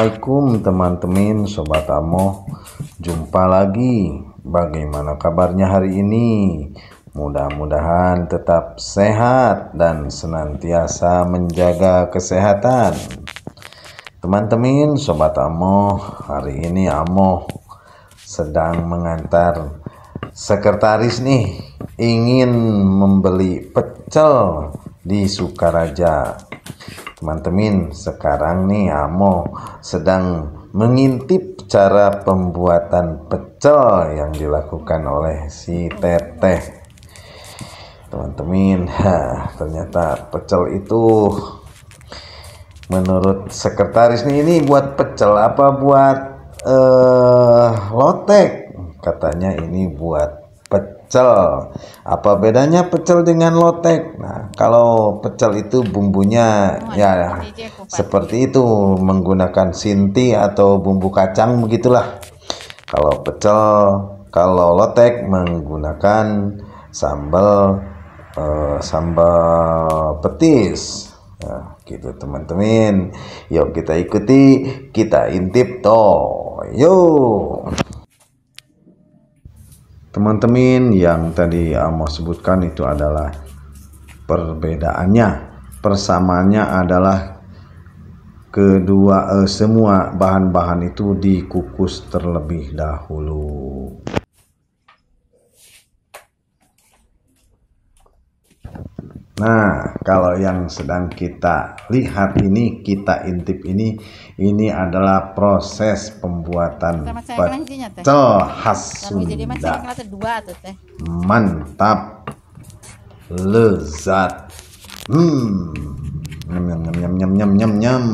Assalamualaikum teman-teman Sobat Amo Jumpa lagi Bagaimana kabarnya hari ini Mudah-mudahan tetap sehat dan senantiasa menjaga kesehatan Teman-teman Sobat Amo Hari ini Amo sedang mengantar sekretaris nih ingin membeli pecel di Sukaraja teman-teman sekarang nih Amo sedang mengintip cara pembuatan pecel yang dilakukan oleh si teteh teman-teman ternyata pecel itu menurut sekretaris nih ini buat pecel apa buat eh, lotek katanya ini buat pecel. Apa bedanya pecel dengan lotek? Nah, kalau pecel itu bumbunya oh, ya seperti itu menggunakan sinti atau bumbu kacang begitulah. Kalau pecel, kalau lotek menggunakan sambal uh, sambal petis. Nah, gitu teman-teman. Yuk kita ikuti, kita intip toh. Yuk. Teman-teman yang tadi Amo sebutkan itu adalah perbedaannya. Persamaannya adalah kedua eh, semua bahan-bahan itu dikukus terlebih dahulu. Nah, kalau yang sedang kita lihat ini, kita intip ini, ini adalah proses pembuatan pecel khas Sunda. Mantap, lezat. Hmm, nyam nyam nyam nyam nyam nyam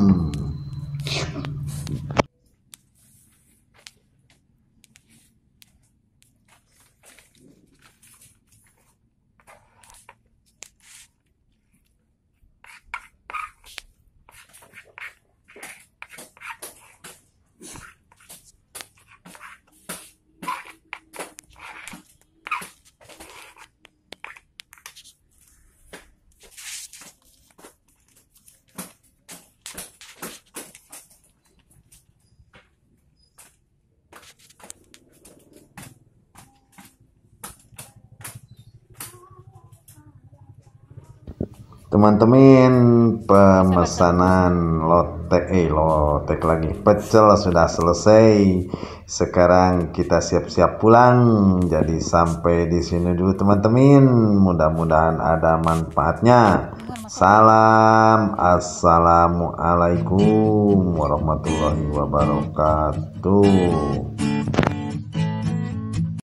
Teman-teman pemesanan lotek eh lotek lagi pecel sudah selesai. Sekarang kita siap-siap pulang. Jadi sampai di sini dulu teman-teman. Mudah-mudahan ada manfaatnya. Salam assalamualaikum warahmatullahi wabarakatuh.